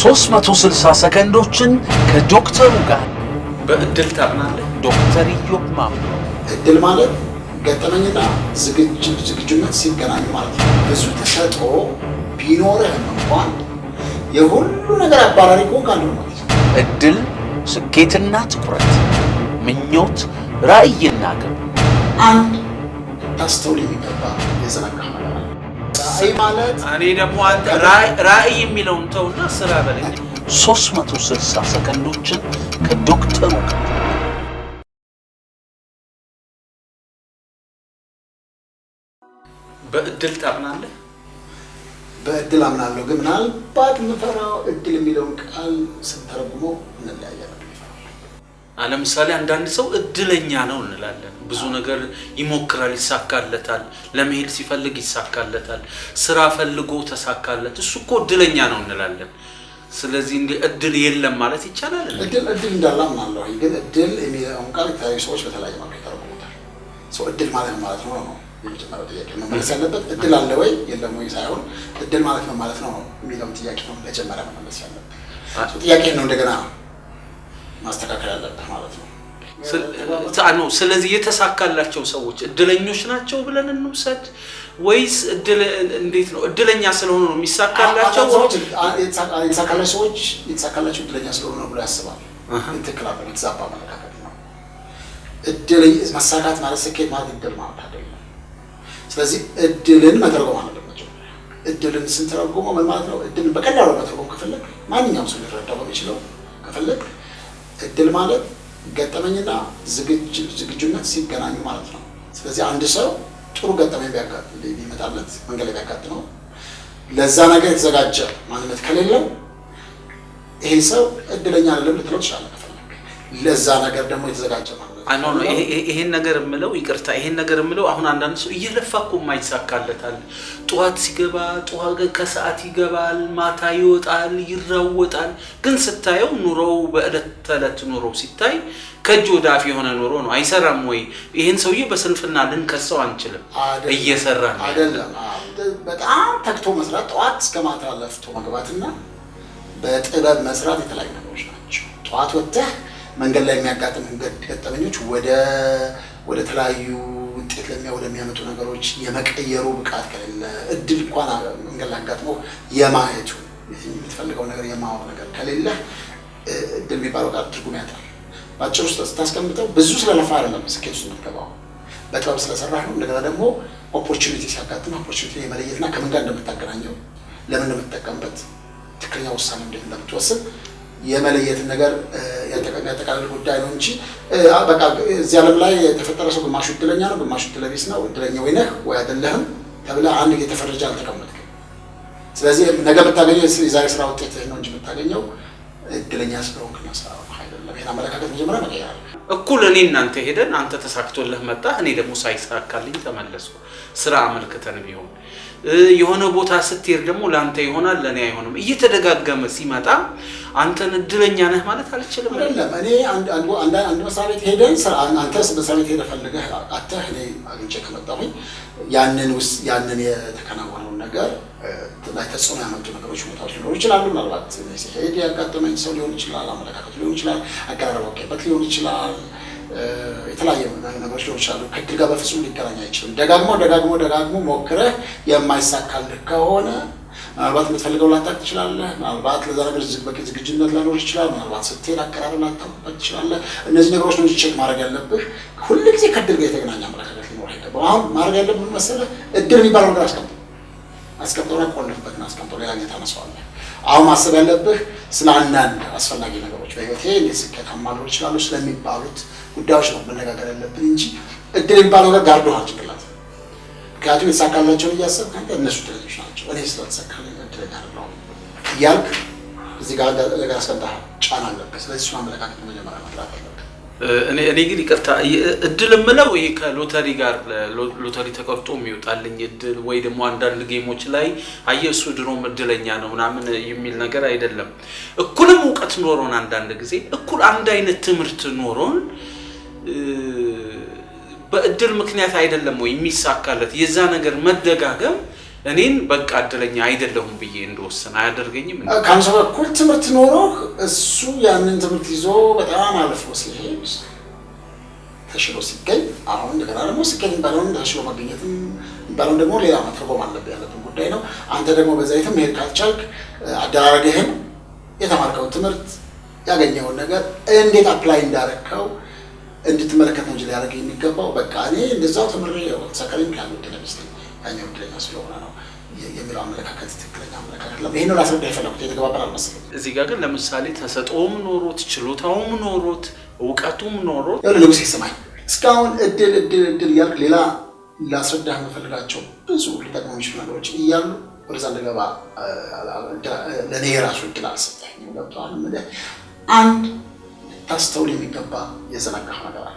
360 ሰከንዶችን ከዶክተሩ ጋር በእድል ታምናለህ። ዶክተር ኢዮብ ማሞ እድል ማለት ገጠመኝና ዝግጁነት ሲገናኙ ማለት ነው። ብዙ ተሰጥኦ ቢኖርህ እንኳን የሁሉ ነገር አባራሪ እኮ ካለ ማለት ነው። እድል፣ ስኬትና ትኩረት፣ ምኞት፣ ራዕይና ግብ አንድ ታስተውል የሚገባ የዘነጋ ስላሴ ማለት እኔ ደግሞ ራእይ የሚለውን ተውና ስራ በለኝ። 360 ሰከንዶችን ከዶክተሩ በእድል ታምናለህ? በእድል አምናለሁ፣ ግን ምናልባት የምፈራው እድል የሚለውን ቃል ስንተረጉሞ እንለያያለን። ለምሳሌ አንዳንድ ሰው እድለኛ ነው እንላለን። ብዙ ነገር ይሞክራል፣ ይሳካለታል። ለመሄድ ሲፈልግ ይሳካለታል። ስራ ፈልጎ ተሳካለት። እሱ እኮ እድለኛ ነው እንላለን። ስለዚህ እንደ እድል የለም ማለት ይቻላል። እድል እድል እንዳለ አምናለሁ። ግን እድል የሚለውን ቃል የተለያዩ ሰዎች በተለያየ መልኩ ይተረጉሙታል። ሰው እድል ማለት ማለት ነው ነው የመጀመሪያው ጥያቄ መመለስ ያለበት እድል አለ ወይ የለም ወይ ሳይሆን እድል ማለት ነው ማለት ነው የሚለውን ጥያቄ ነው መጀመሪያ መመለስ ያለበት ጥያቄ ነው እንደገና ማስተካከል አለብህ ማለት ነው። ነው ስለዚህ የተሳካላቸው ሰዎች እድለኞች ናቸው ብለን እንውሰድ ወይስ እንዴት ነው? እድለኛ ስለሆኑ ነው የሚሳካላቸው? የተሳካላቸው ሰዎች የተሳካላቸው እድለኛ ስለሆኑ ነው ብሎ ያስባል። ትክክል አይደለም። የተዛባ አመለካከት ነው። መሳካት ማለት ስኬት ማለት እድል ማለት አይደለም። ስለዚህ እድልን መተርጎም አለባቸው። እድልን ስንተረጎመው ምን ማለት ነው? እድልን በቀላሉ መተርጎም ከፈለግ ማንኛውም ሰው ሊረዳው በሚችለው ከፈለግ እድል ማለት ገጠመኝና ዝግጁነት ሲገናኙ ማለት ነው። ስለዚህ አንድ ሰው ጥሩ ገጠመኝ ቢመጣለት መንገድ ላይ ቢያጋጥመው ለዛ ነገር የተዘጋጀ ማንነት ከሌለው ይሄ ሰው እድለኛ አይደለም ልትለው ትችላለህ። ለዛ ነገር ደግሞ የተዘጋጀ ነው። ነው ይሄን ነገር የምለው ይቅርታ፣ ይሄን ነገር የምለው አሁን አንዳንድ ሰው እየለፋ እኮ የማይሳካለታል። ጠዋት ሲገባ ጠዋት ከሰዓት ይገባል፣ ማታ ይወጣል፣ ይራወጣል። ግን ስታየው ኑሮው በእለት ተዕለት ኑሮው ሲታይ ከእጅ ወደ አፍ የሆነ ኑሮ ነው። አይሰራም ወይ? ይህን ሰውዬ በስንፍና ልንከሰው አንችልም። እየሰራ ነው አይደለም። በጣም ተግቶ መስራት፣ ጠዋት እስከ ማታ ለፍቶ መግባትና በጥበብ መስራት የተለያዩ ነገሮች ናቸው። ጠዋት ወጥተህ መንገድ ላይ የሚያጋጥሙ ገጠመኞች ወደ ወደ ተለያዩ ውጤት ለሚያ ወደሚያመጡ ነገሮች የመቀየሩ ብቃት ከሌለ እድል እንኳን መንገድ ላይ አጋጥሞ የማየቱ የምትፈልገው ነገር የማወቅ ነገር ከሌለ እድል የሚባለው ቃል ትርጉም ያጣል። በአጭር ውስጥ ስታስቀምጠው ብዙ ስለለፋ አይደለም ስኬት ውስጥ የምትገባው በጥበብ ስለሰራህ ነው። እንደገና ደግሞ ኦፖርቹኒቲ ሲያጋጥም ኦፖርቹኒቲ የመለየትና ከምን ጋር እንደምታገናኘው ለምን እንደምትጠቀምበት ትክክለኛ ውሳኔ እንደምትወስን የመለየትን ነገር የሚያጠቃልል ጉዳይ ነው እንጂ በቃ እዚህ ዓለም ላይ የተፈጠረ ሰው ግማሹ እድለኛ ነው፣ ግማሹ እድለቢስ ነው። እድለኛ ወይ ነህ ወይ አይደለህም ተብለህ አንድ የተፈረጀ አልተቀመጥክም። ስለዚህ ነገ ብታገኘው የዛሬ ስራ ውጤትህ ነው እንጂ ብታገኘው እድለኛ ስለሆንክ ነው ስራ አይደለም። ይሄን አመለካከት መጀመሪያ መቀየር እኩል እኔ እናንተ ሄደን አንተ ተሳክቶልህ መጣህ፣ እኔ ደግሞ ሳይሳካልኝ ተመለስኩ ስራ አመልክተን ቢሆን የሆነ ቦታ ስትሄድ ደግሞ ለአንተ ይሆናል ለእኔ አይሆንም እየተደጋገመ ሲመጣ አንተን እድለኛ ነህ ማለት አልችልም። አይደለም እኔ አንድ መስሪያ ቤት ሄደን አንተ መስሪያ ቤት ሄደህ ፈልገህ አተህ እኔ አግኝቼ ከመጣሁኝ ያንን ውስጥ ያንን የተከናወነውን ነገር ላይ ተጽዕኖ ያመጡ ነገሮች ቦታዎች ሊሆኑ ይችላሉ። ምናልባት ሲሄድ ያጋጠመኝ ሰው ሊሆን ይችላል፣ አመለካከት ሊሆን ይችላል፣ አቀራረብ ወቄበት ሊሆን ይችላል መፍትሄዎች አሉ። ከህግ ጋር በፍጹም ሊገናኝ አይችልም። ደጋግሞ ደጋግሞ ደጋግሞ ሞክረህ የማይሳካልህ ከሆነ ምናልባት የምትፈልገው ላታቅ ትችላለህ። ምናልባት ለዛ ነገር በቂ ዝግጅነት ላይኖር ይችላል። ምናልባት ስትሄድ አቀራር ላታውቅበት ትችላለህ። እነዚህ ነገሮች ነው ቼክ ማድረግ ያለብህ። ሁሉ ጊዜ ከእድል ጋር የተገናኘ አመለካከት ሊኖር አይገባም። አሁን ማድረግ ያለብህ ምን መሰለህ? እድል የሚባለው ነገር አስቀምጠው አስቀምጠው ቆልፍበትን አስቀምጠው ሌላ ጊዜ ታነሳዋለህ። አሁን ማሰብ ያለብህ ስለ አንዳንድ አስፈላጊ ነገሮች በህይወቴ እንዴት ስኬታማ ልሆን እችላለሁ ስለሚባሉት ጉዳዮች ነው መነጋገር ያለብን እንጂ እድል የሚባለው ነገር ጋርዶሃል ጭንቅላት። ምክንያቱም የተሳካላቸውን እያሰብክ እነሱ ድለኞች ናቸው፣ እኔ ስለተሳካ እድለኛ አይደለሁም እያልክ እዚህ ጋር ነገር አስቀምጠሃል፣ ጫና አለበት። ስለዚህ እሱን አመለካከት መጀመሪያ መጥራት አለብህ። እኔ ግን ይቅርታ እድል የምለው ይሄ ከሎተሪ ጋር ሎተሪ ተቀርጦ የሚወጣልኝ እድል ወይ ደግሞ አንዳንድ ጌሞች ላይ አየሱ ድሮም እድለኛ ነው ምናምን የሚል ነገር አይደለም። እኩልም እውቀት ኖሮን አንዳንድ ጊዜ እኩል አንድ አይነት ትምህርት ኖሮን በእድል ምክንያት አይደለም ወይ የሚሳካለት የዛ ነገር መደጋገም እኔን በቃ እድለኛ አይደለሁም ብዬ እንደወሰን አያደርገኝም። ከአንተ በኩል ትምህርት ኖሮ እሱ ያንን ትምህርት ይዞ በጣም አልፎ ሲሄድ ተሽሎ ሲገኝ፣ አሁን እንደገና ደግሞ ሲገኝ ባለውን ተሽሎ መገኘትም ባለውን ደግሞ ሌላ መተርጎም አለብህ ያለብን ጉዳይ ነው። አንተ ደግሞ በዛ የትም መሄድ ካልቻልክ አደራረግህን፣ የተማርከው ትምህርት፣ ያገኘውን ነገር እንዴት አፕላይ እንዳረግከው እንድትመለከት እንጂ ሊያደርግ የሚገባው በቃ እኔ እንደዛው ተምሬ ሰከሪም ካሉ ድለሚስት ዳኛው እድለኛ ስለሆነ ነው የሚለው አመለካከት ትክክለኛ አመለካከት ለም ይህን ላስረዳ የፈለኩት የተገባበል አልመስልም። እዚህ ጋር ግን ለምሳሌ ተሰጥኦም ኖሮት ችሎታውም ኖሮት እውቀቱም ኖሮት ንጉሴ ስማኝ፣ እስካሁን እድል እድል እድል እያልክ ሌላ ላስረዳህ የምፈልጋቸው ብዙ ሊጠቅሙ የሚችሉ ነገሮች እያሉ ወደዛ እንደገባ ለእኔ የራሱ እድል አልሰጠኝ። ገብተዋል። አንድ ታስተውል የሚገባ የዘነጋኸው ነገር አለ